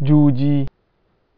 juji。